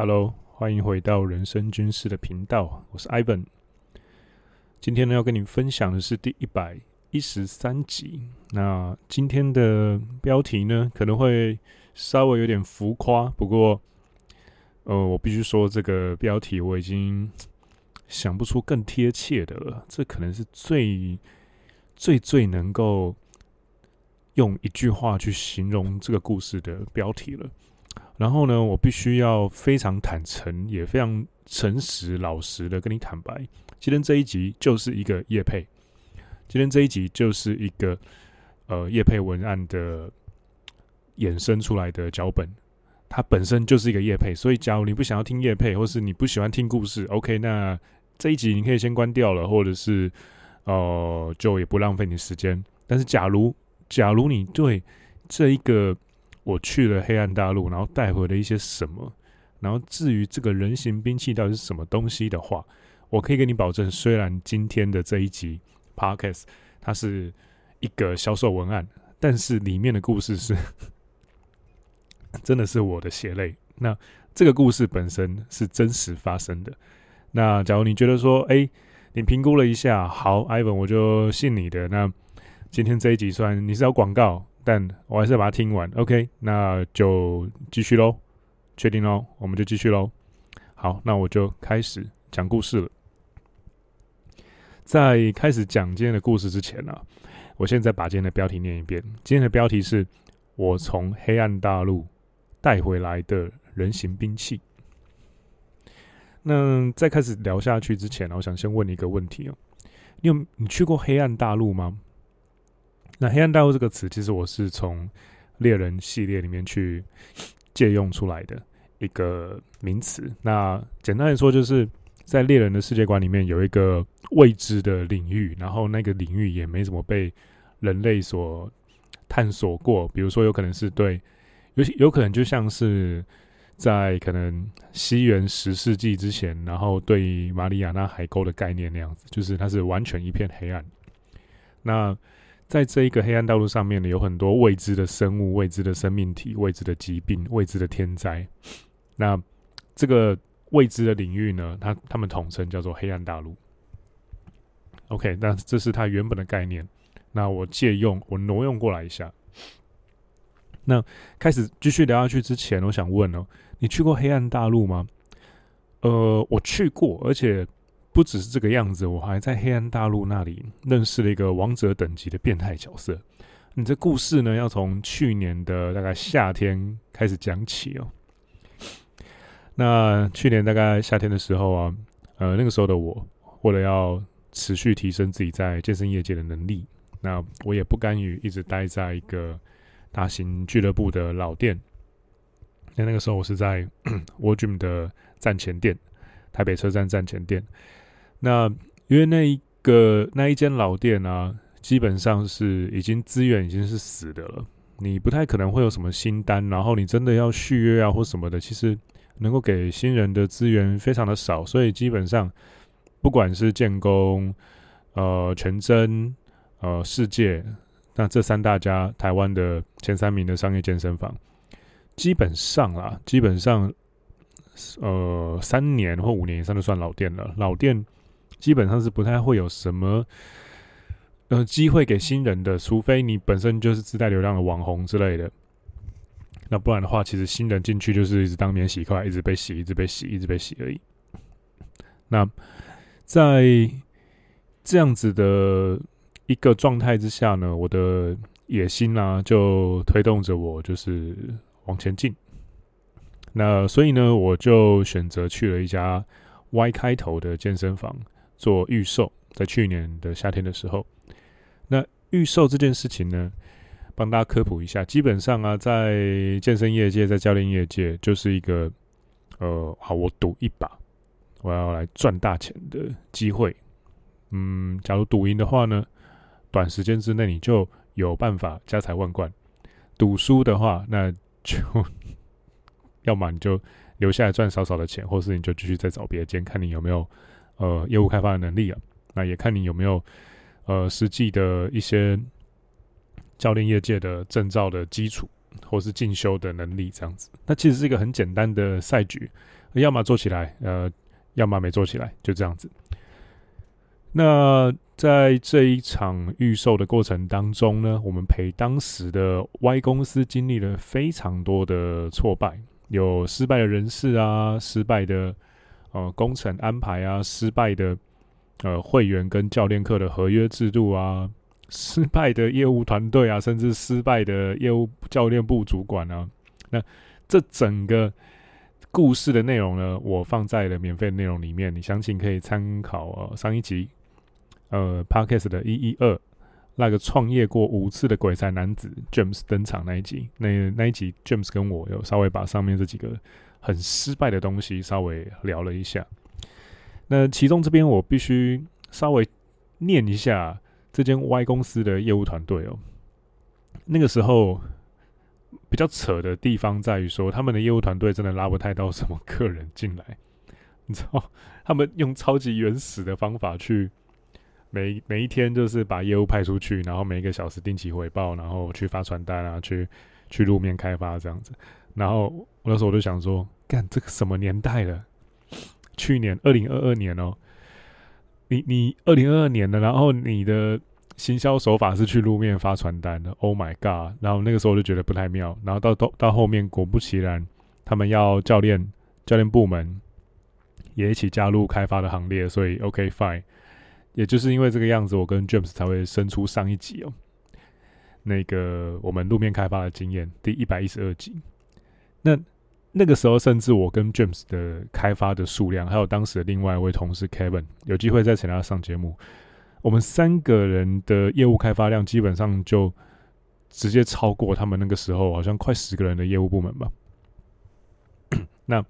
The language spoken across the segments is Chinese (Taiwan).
Hello，歡迎回到人生軍事的頻道，我是 Ivan。今天呢，要跟你分享的是第一百一十三集。那今天的標題呢，可能會稍微有點浮誇，不過，呃，我必須說，這個標題我已經想不出更貼切的了。這可能是最、最、最能夠用一句話去形容這個故事的標題了。然後呢，我必須要非常坦誠，也非常誠實、老實的跟你坦白，今天這一集就是一個業配。今天這一集就是一個呃業配文案的衍生出來的腳本，它本身就是一個業配，所以假如你不想要聽業配，或是你不喜歡聽故事，OK，那這一集你可以先關掉了，或者是、呃、就也不浪費你時間。但是假如假如你對這一個我去了黑暗大陸，然後帶回了一些什麼。然後至於這個人形兵器到底是什麼東西的話，我可以給你保證。雖然今天的這一集 Podcast 它是一個銷售文案，但是裡面的故事是呵呵真的是我的血淚。那這個故事本身是真實發生的。那假如你覺得說，哎，你評估了一下，好，Ivan，我就信你的。那今天這一集算你是要廣告。但我還是要把它聽完。OK，那就繼續嘍。確定嘍，我們就繼續嘍。好，那我就開始講故事了。在開始講今天的故事之前呢、啊，我現在把今天的標題念一遍。今天的標題是我從黑暗大陸帶回來的人形兵器。那在開始聊下去之前、啊，我想先問你一個問題哦、啊：你有你去過黑暗大陸嗎？那黑暗大陸這個詞，其實我是從獵人系列裡面去借用出來的一個名詞。那簡單來說，就是在獵人的世界觀裡面，有一個未知的領域，然後那個領域也沒怎麼被人類所探索過。比如說，有可能是對，有有可能就像是在可能西元十世紀之前，然後對馬里亞納海溝的概念那樣子，就是它是完全一片黑暗。那在這一個黑暗大陸上面呢，有很多未知的生物、未知的生命體、未知的疾病、未知的天災。那這個未知的領域呢，它他們統稱叫做黑暗大陸。OK，那這是他原本的概念。那我借用，我挪用過來一下。那開始繼續聊下去之前，我想問哦、喔，你去過黑暗大陸嗎？呃，我去過，而且。不只是這個樣子，我還在黑暗大陸那裡認識了一個王者等級的變態角色。你這故事呢，要從去年的大概夏天開始講起哦。那去年大概夏天的時候啊，呃，那個時候的我，為了要持續提升自己在健身業界的能力，那我也不甘於一直待在一個大型俱樂部的老店。那那個時候我是在 World Gym 的站前店，台北車站站前店。那因為那一個那一間老店啊，基本上是已經資源已經是死的了，你不太可能會有什麼新單，然後你真的要續約啊或什麼的，其實能夠給新人的資源非常的少，所以基本上不管是健工，呃全真、呃世界，那這三大家台灣的前三名的商業健身房，基本上啦，基本上呃三年或五年以上就算老店了，老店。基本上是不太會有什麼呃機會給新人的，除非你本身就是自帶流量的網紅之類的。那不然的話，其實新人進去就是一直當免洗筷，一直被洗，一直被洗，一直被洗而已。那在這樣子的一個狀態之下呢，我的野心啊，就推動着我就是往前進。那所以呢，我就選擇去了一家 Y 開頭的健身房。做預售，在去年的夏天的時候，那預售這件事情呢，幫大家科普一下。基本上啊，在健身業界，在教練業界，就是一個呃，好，我賭一把，我要來賺大錢的機會。嗯，假如賭贏的話呢，短時間之內你就有辦法家財萬貫；賭輸的話，那就 要麼你就留下來賺少少的錢，或是你就繼續再找別的間，看你有沒有。呃，業務開發的能力啊，那也看你有沒有呃實際的一些教練業界的證照的基礎，或是進修的能力這樣子。那其實是一個很簡單的賽局，要麼做起來，呃，要麼沒做起來，就這樣子。那在這一場預售的過程當中呢，我們陪當時的 Y 公司經歷了非常多的挫敗，有失敗的人士啊，失敗的。呃，工程安排啊，失敗的呃會員跟教練課的合約制度啊，失敗的業務團隊啊，甚至失敗的業務教練部主管啊，那這整個故事的內容呢，我放在了免費的內容裡面，你詳情可以參考呃上一集，呃 Podcast 的一一二那個創業過五次的鬼才男子 James 登場那一集，那那一集 James 跟我有稍微把上面這幾個。很失敗的東西，稍微聊了一下。那其中這邊我必須稍微念一下這間 Y 公司的業務團隊哦。那個時候比較扯的地方在於說，他們的業務團隊真的拉不太到什麼客人進來。你知道，他們用超級原始的方法去，每每一天就是把業務派出去，然後每一個小時定期回報，然後去發傳單啊，去去路面開發這樣子。然後我那時候我就想說，幹，這個什麼年代了？去年二零二二年哦，你你二零二二年的，然後你的行銷手法是去路面發傳單的？Oh my god！然後那個時候我就覺得不太妙。然後到到到後面，果不其然，他們要教練教練部門也一起加入開發的行列，所以 OK, fine。也就是因為這個樣子，我跟 James 才會生出上一集哦，那個我們路面開發的經驗第一百一十二集。那那個時候，甚至我跟 James 的開發的數量，還有當時的另外一位同事 Kevin，有機會再請他上節目，我們三個人的業務開發量基本上就直接超過他們那個時候好像快十個人的業務部門吧。 那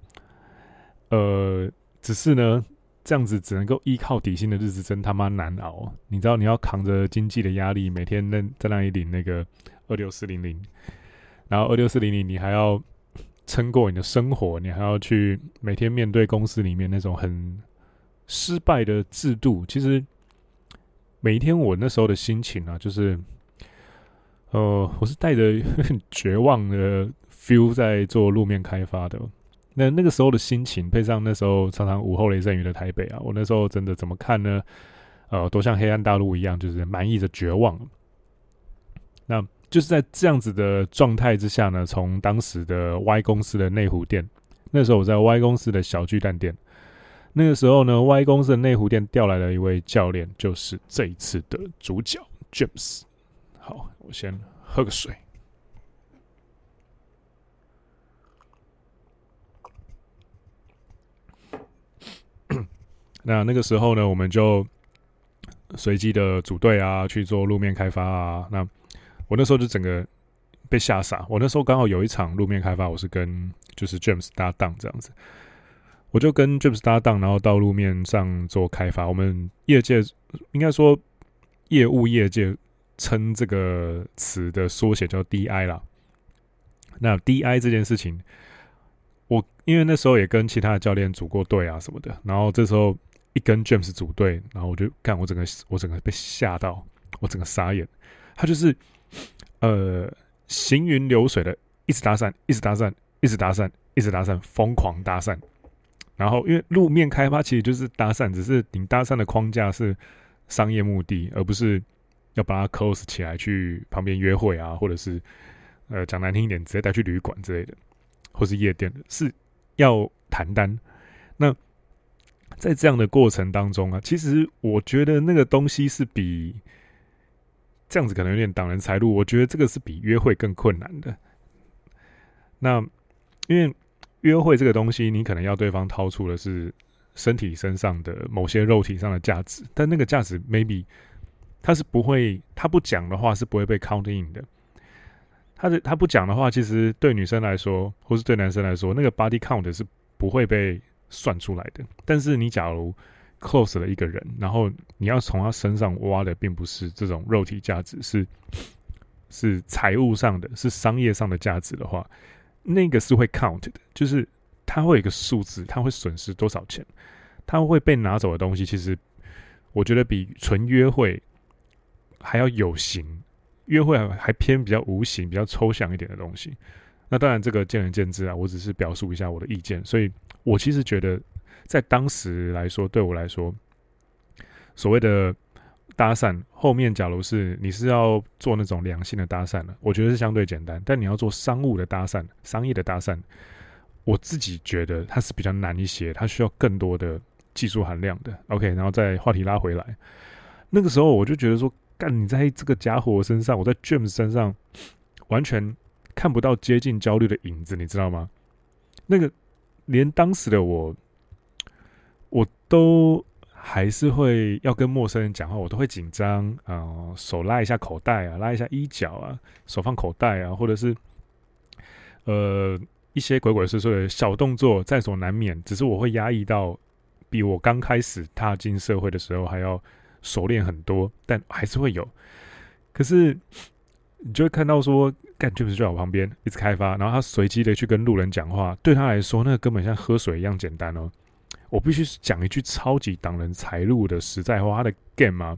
呃，只是呢，這樣子只能夠依靠底薪的日子真他媽難熬。你知道，你要扛着經濟的壓力，每天在那裡領那個二六四零零，然後二六四零零你還要。撐過你的生活，你還要去每天面對公司裡面那種很失敗的制度。其實每一天我那時候的心情啊，就是呃，我是帶着絕望的 feel 在做路面開發的。那那個時候的心情，配上那時候常常午後雷陣雨的台北啊，我那時候真的怎麼看呢？呃，都像黑暗大陸一樣，就是滿溢着絕望。那就是在這樣子的狀態之下呢，從當時的 Y 公司的內湖店，那時候我在 Y 公司的小巨蛋店，那個時候呢，Y 公司的內湖店調來了一位教練，就是這一次的主角 James。好，我先喝個水。 那那個時候呢，我們就隨機的組隊啊，去做路面開發啊，那。我那時候就整個被嚇傻。我那時候剛好有一場路面開發，我是跟就是 James 搭檔這樣子，我就跟 James 搭檔，然後到路面上做開發。我們業界應該說業務業界稱這個詞的縮寫叫 DI 啦。那 DI 這件事情，我因為那時候也跟其他的教練組過隊啊什麼的，然後這時候一跟 James 組隊，然後我就看我整個我整個被嚇到，我整個傻眼。他就是。呃，行雲流水的，一直搭訕，一直搭訕，一直搭訕，一直搭訕，瘋狂搭訕。然後，因為路面開發其實就是搭訕，只是你搭訕的框架是商業目的，而不是要把它 close 起來去旁邊約會啊，或者是呃講難聽一點，直接帶去旅館之類的，或是夜店，是要談單。那在這樣的過程當中啊，其實我覺得那個東西是比。這樣子可能有點擋人財路，我覺得這個是比約會更困難的。那因為約會這個東西，你可能要對方掏出的是身體身上的某些肉體上的價值，但那個價值 maybe 他是不會，他不講的話是不會被 count in 的。他的他不講的話，其實對女生來說，或是對男生來說，那個 body count 是不會被算出來的。但是你假如 Close 了一個人，然後你要從他身上挖的並不是這種肉體價值，是是財務上的，是商業上的價值的話，那個是會 count 的，就是他會有一個數字，他會損失多少錢，他會被拿走的東西，其實我覺得比純約會還要有形，約會還還偏比較無形、比較抽象一點的東西。那當然這個見仁見智啊，我只是表述一下我的意見，所以我其實覺得。在當時來說，對我來說，所謂的搭訕，後面假如是你是要做那種良性的搭訕的，我覺得是相對簡單。但你要做商務的搭訕、商業的搭訕，我自己覺得它是比較難一些，它需要更多的技術含量的。OK，然後再話題拉回來，那個時候我就覺得說，幹，你在這個家伙身上，我在 James 身上完全看不到接近焦慮的影子，你知道嗎？那個連當時的我。都還是會要跟陌生人講話，我都會緊張啊，手拉一下口袋啊，拉一下衣角啊，手放口袋啊，或者是呃一些鬼鬼祟祟的小動作在所難免。只是我會壓抑到比我剛開始踏進社會的時候還要熟練很多，但還是會有。可是你就會看到說，干，覺不是在我旁邊一直開發，然後他隨機的去跟路人講話，對他來說，那根本像喝水一樣簡單哦、喔。我必須講一句超級擋人財路的實在話，他的 game 啊，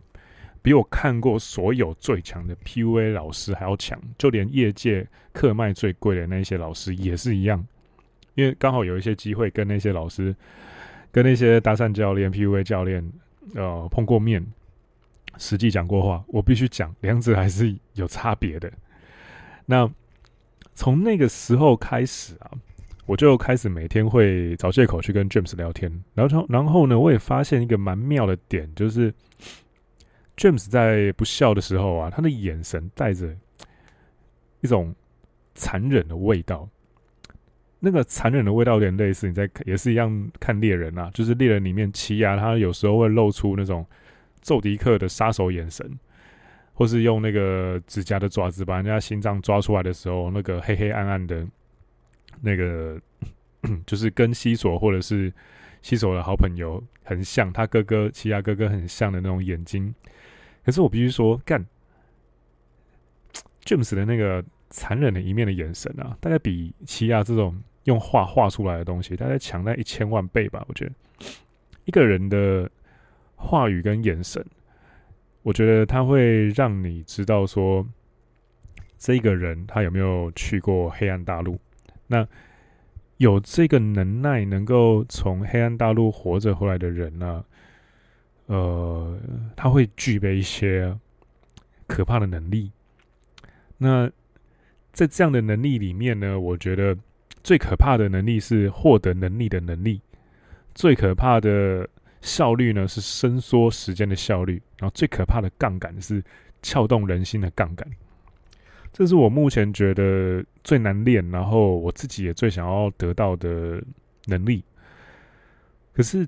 比我看過所有最強的 PUA 老師還要強，就連業界課賣最貴的那些老師也是一樣。因為剛好有一些機會跟那些老師、跟那些搭訕教練、PUA 教練，呃，碰過面，實際講過話，我必須講，兩者還是有差別的。那從那個時候開始啊。我就開始每天會找借口去跟 James 聊天，然後然後呢，我也發現一個蠻妙的點，就是 James 在不笑的時候啊，他的眼神帶着一種殘忍的味道。那個殘忍的味道有點類似你在也是一樣看獵人啊，就是獵人裡面奇犽、啊、他有時候會露出那種揍敵客的殺手眼神，或是用那個指甲的爪子把人家心臟抓出來的時候，那個黑黑暗暗的。那個就是跟西索或者是西索的好朋友很像，他哥哥齊亞哥哥很像的那種眼睛。可是我必須說，幹 James 的那個殘忍的一面的眼神啊，大概比齊亞這種用畫畫出來的東西，大概強在一千萬倍吧，我覺得。一個人的話語跟眼神，我覺得他會讓你知道說，這個人他有沒有去過黑暗大陸。那有這個能耐，能夠從黑暗大陸活着回來的人呢啊，呃，他會具備一些可怕的能力。那在這樣的能力裡面呢，我覺得最可怕的能力是獲得能力的能力，最可怕的效率呢是伸縮時間的效率，然後最可怕的槓桿是撬動人心的槓桿。這是我目前覺得最難練，然後我自己也最想要得到的能力。可是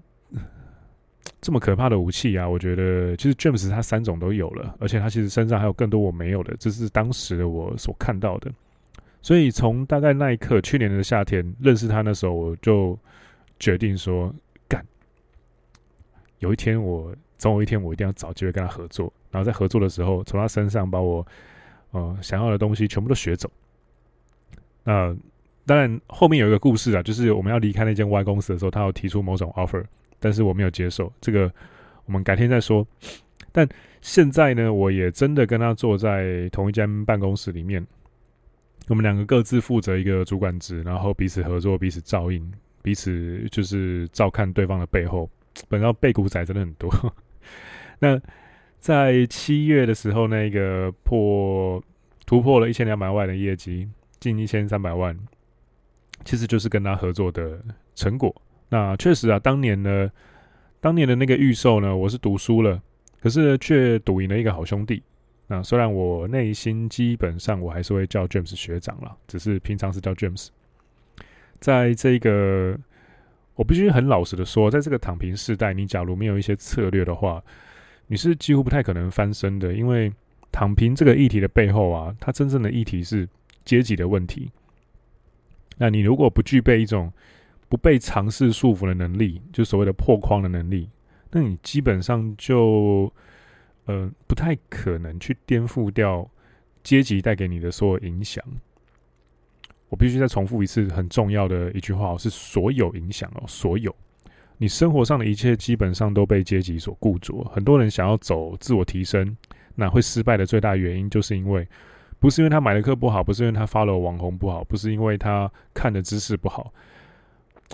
這麼可怕的武器啊，我覺得其實 James 他三種都有了，而且他其實身上還有更多我沒有的，這是當時的我所看到的。所以從大概那一刻，去年的夏天認識他那時候，我就決定說，幹，有一天我總有一天我一定要找機會跟他合作。然後在合作的時候，從他身上把我。呃，想要的東西全部都學走。那、呃、當然後面有一個故事啊，就是我們要離開那間 Y 公司的時候，他有提出某種 offer，但是我沒有接受，這個我們改天再說。但現在呢，我也真的跟他坐在同一間辦公室裡面，我們兩個各自負責一個主管職，然後彼此合作，彼此照應，彼此就是照看對方的背後。本來背骨仔真的很多。呵呵那。在七月的時候，那個破突破了一千兩百萬的業績，近一千三百萬，其實就是跟他合作的成果。那確實啊，當年呢，當年的那個預售呢，我是賭輸了，可是卻賭贏了一個好兄弟。那雖然我內心基本上我還是會叫 James 學長啦，只是平常是叫 James。在這個，我必須很老實的說，在這個躺平時代，你假如沒有一些策略的話。你是幾乎不太可能翻身的，因為躺平這個議題的背後啊，它真正的議題是階級的問題。那你如果不具備一種不被常識束縛的能力，就所謂的破框的能力，那你基本上就嗯、呃、不太可能去顛覆掉階級帶給你的所有影響。我必須再重複一次很重要的一句話，是所有影響哦，所有。你生活上的一切基本上都被階級所固着，很多人想要走自我提升，那會失敗的最大原因就是因為不是因為他買的課不好，不是因為他 follow 網紅不好，不是因為他看的知識不好，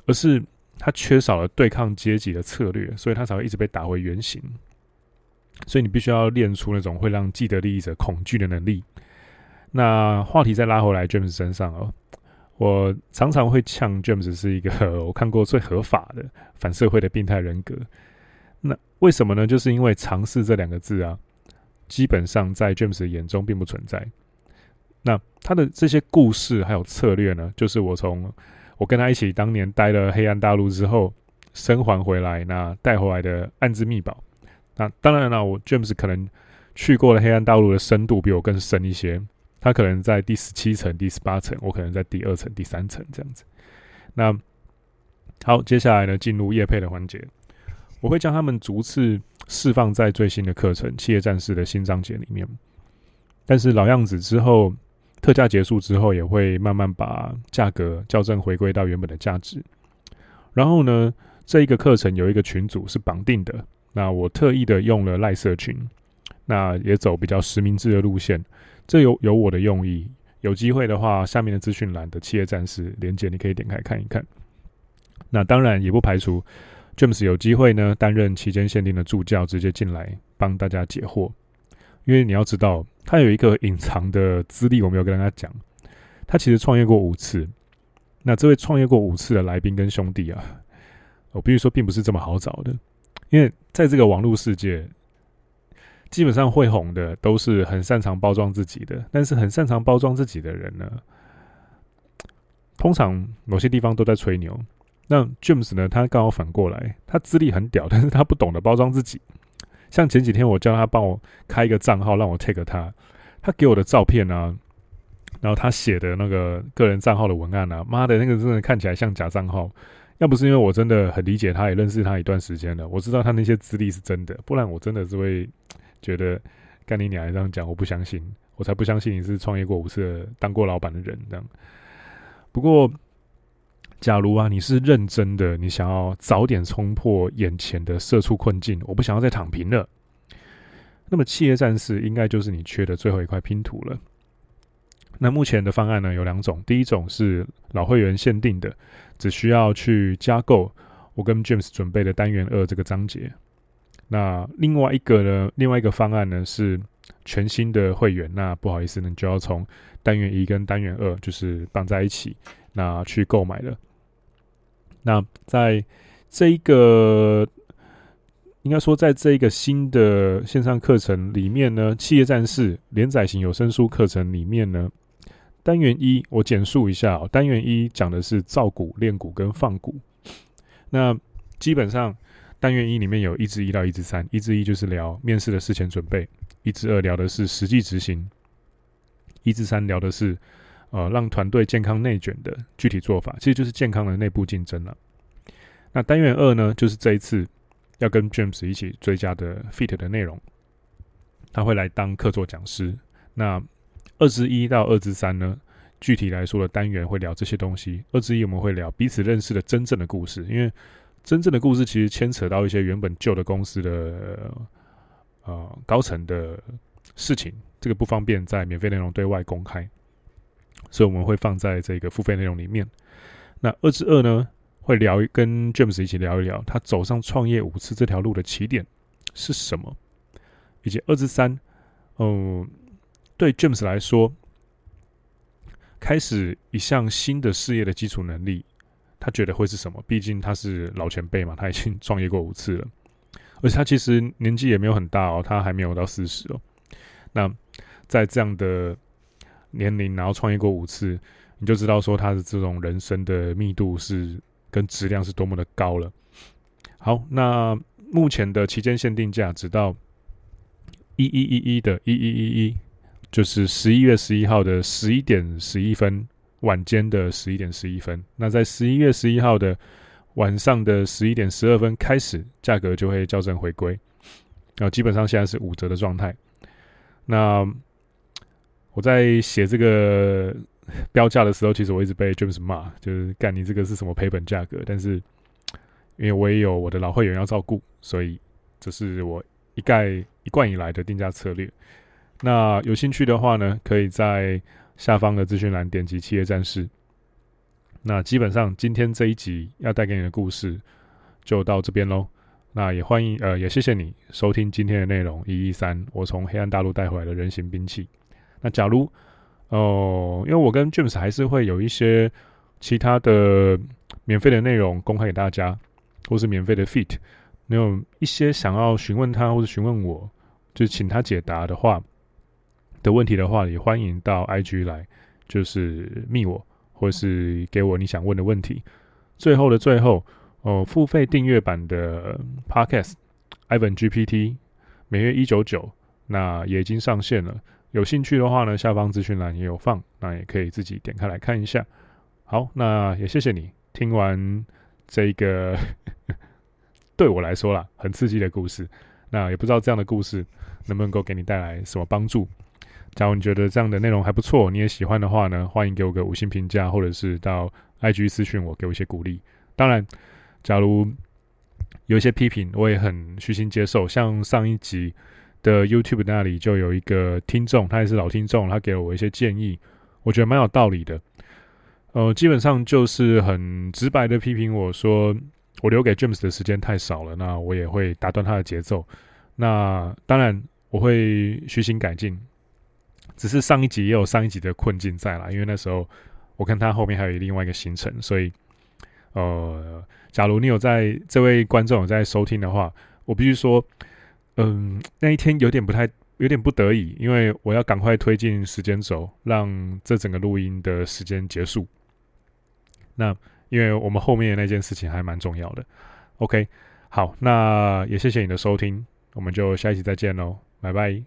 而是他缺少了對抗階級的策略，所以他才會一直被打回原形。所以你必須要練出那種會讓既得利益者恐懼的能力。那話題再拉回來，James 身上哦。我常常會嗆 James 是一個，呃，我看過最合法的反社會的病態人格。那為什麼呢？就是因為「嘗試」這兩個字啊，基本上在 James 的眼中並不存在。那他的這些故事還有策略呢，就是我從我跟他一起當年待了黑暗大陸之後，生還回來，那帶回來的暗之秘寶。那當然了，我 James 可能去過了黑暗大陸的深度比我更深一些。他可能在第十七層、第十八層，我可能在第二層、第三層這樣子。那好，接下來呢，進入業配的環節，我會將他們逐次釋放在最新的課程《企業戰士》的新章節裡面。但是老樣子，之後特價結束之後，也會慢慢把價格校正回歸到原本的價值。然後呢，這一個課程有一個群組是綁定的，那我特意的用了賴社群，那也走比較實名制的路線。這有有我的用意，有機會的話，下面的資訊欄的《企業戰士》連結，你可以點開看一看。那當然也不排除 James 有機會呢擔任期間限定的助教，直接進來幫大家解惑。因為你要知道，他有一個隱藏的資歷，我沒有跟大家講。他其實創業過五次。那這位創業過五次的來賓跟兄弟啊，我必須說，並不是這麼好找的，因為在這個網絡世界。基本上會紅的都是很擅長包裝自己的，但是很擅長包裝自己的人呢，通常某些地方都在吹牛。那 James 呢，他剛好反過來，他資歷很屌，但是他不懂得包裝自己。像前幾天我叫他幫我開一個賬號讓我 tag 他，他給我的照片呢、啊，然後他寫的那個個人賬號的文案呢、啊，媽的那個真的看起來像假賬號。要不是因為我真的很理解他，也認識他一段時間了，我知道他那些資歷是真的，不然我真的是會。覺得幹你娘！這樣講，我不相信，我才不相信你是創業過、無數次當過老闆的人。這樣，不過，假如啊，你是認真的，你想要早點衝破眼前的社畜困境，我不想要再躺平了，那麼企業戰士應該就是你缺的最後一塊拼圖了。那目前的方案呢，有兩種，第一種是老會員限定的，只需要去加購我跟 James 準備的單元二這個章節。那另外一個呢？另外一個方案呢是全新的會員。那不好意思呢，你就要從單元一跟單元二就是綁在一起，那去購買了。那在這一個，應該說在這一個新的線上課程裡面呢，企業戰士連載型有聲書課程裡面呢，單元一我簡述一下哦。單元一講的是造股、練股跟放股。那基本上。單元一裡面有：一至一到一至三。一至一就是聊面試的事前準備，一至二聊的是實際執行，一至三聊的是，呃，讓團隊健康內卷的具體做法，其實就是健康的內部競爭了、啊。那單元二呢，就是這一次要跟 James 一起追加的 Feat 的內容，他會來當客座講師。那二至一到二至三呢，具體來說的單元會聊這些東西。二至一我們會聊彼此認識的真正的故事，因為。真正的故事其實牽扯到一些原本舊的公司的呃高層的事情，這個不方便在免費內容對外公開，所以我們會放在這個付費內容裡面。那二之二呢，會聊，跟 James 一起聊一聊他走上創業五次這條路的起點是什麼，以及二之三，嗯，對 James 來說，開始一項新的事業的基礎能力。他覺得會是什麼？畢竟他是老前輩嘛，他已經創業過五次了，而且他其實年紀也沒有很大哦，他還沒有到四十哦。那在這樣的年齡，然後創業過五次，你就知道說他的這種人生的密度是跟質量是多麼的高了。好，那目前的期間限定價，直到一一一一的一一一一，就是十一月十一號的十一點十一分。晚間的十一點十一分，那在十一月十一號的晚上的十一點十二分開始，價格就會校正回歸。然後基本上現在是五折的狀態。那我在寫這個標價的時候，其實我一直被 James 罵，就是幹你這個是什麼賠本價格？但是因為我也有我的老會員要照顧，所以這是我一概一貫以來的定價策略。那有興趣的話呢，可以在。下方的資訊欄點擊“企業戰士”。那基本上今天這一集要帶給你的故事就到這邊嘍。那也歡迎呃，也謝謝你收聽今天的內容一一三，113, 我從黑暗大陸帶回來的人形兵器。那假如哦、呃，因為我跟 James 還是會有一些其他的免費的內容公開給大家，或是免費的 Feat，你有一些想要詢問他或者詢問我，就請他解答的話，的問題的話，也歡迎到 IG 來，就是密我，或是給我你想問的問題。最後的最後，哦、呃，付費訂閱版的 Podcast IVEN GPT 每月一九九，那也已經上線了。有興趣的話呢，下方資訊欄也有放，那也可以自己點開來看一下。好，那也謝謝你聽完這一個 對我來說啦，很刺激的故事。那也不知道這樣的故事能不能夠給你帶來什麼幫助。假如你覺得這樣的內容還不錯，你也喜歡的話呢，歡迎給我個五星評價，或者是到 IG 私訊我，給我一些鼓勵。當然，假如有一些批評，我也很虛心接受。像上一集的 YouTube 那裡就有一個聽眾，他也是老聽眾，他給了我一些建議，我覺得蠻有道理的。呃，基本上就是很直白的批評我說，我留給 James 的時間太少了，那我也會打斷他的節奏。那當然，我會虛心改進。只是上一集也有上一集的困境在啦，因為那時候我看他後面還有另外一個行程，所以呃，假如你有在這位觀眾有在收聽的話，我必須說，嗯、呃，那一天有點不太，有點不得已，因為我要趕快推進時間軸，讓這整個錄音的時間結束。那因為我們後面的那件事情還蠻重要的，OK，好，那也謝謝你的收聽，我們就下一集再見嘍，拜拜。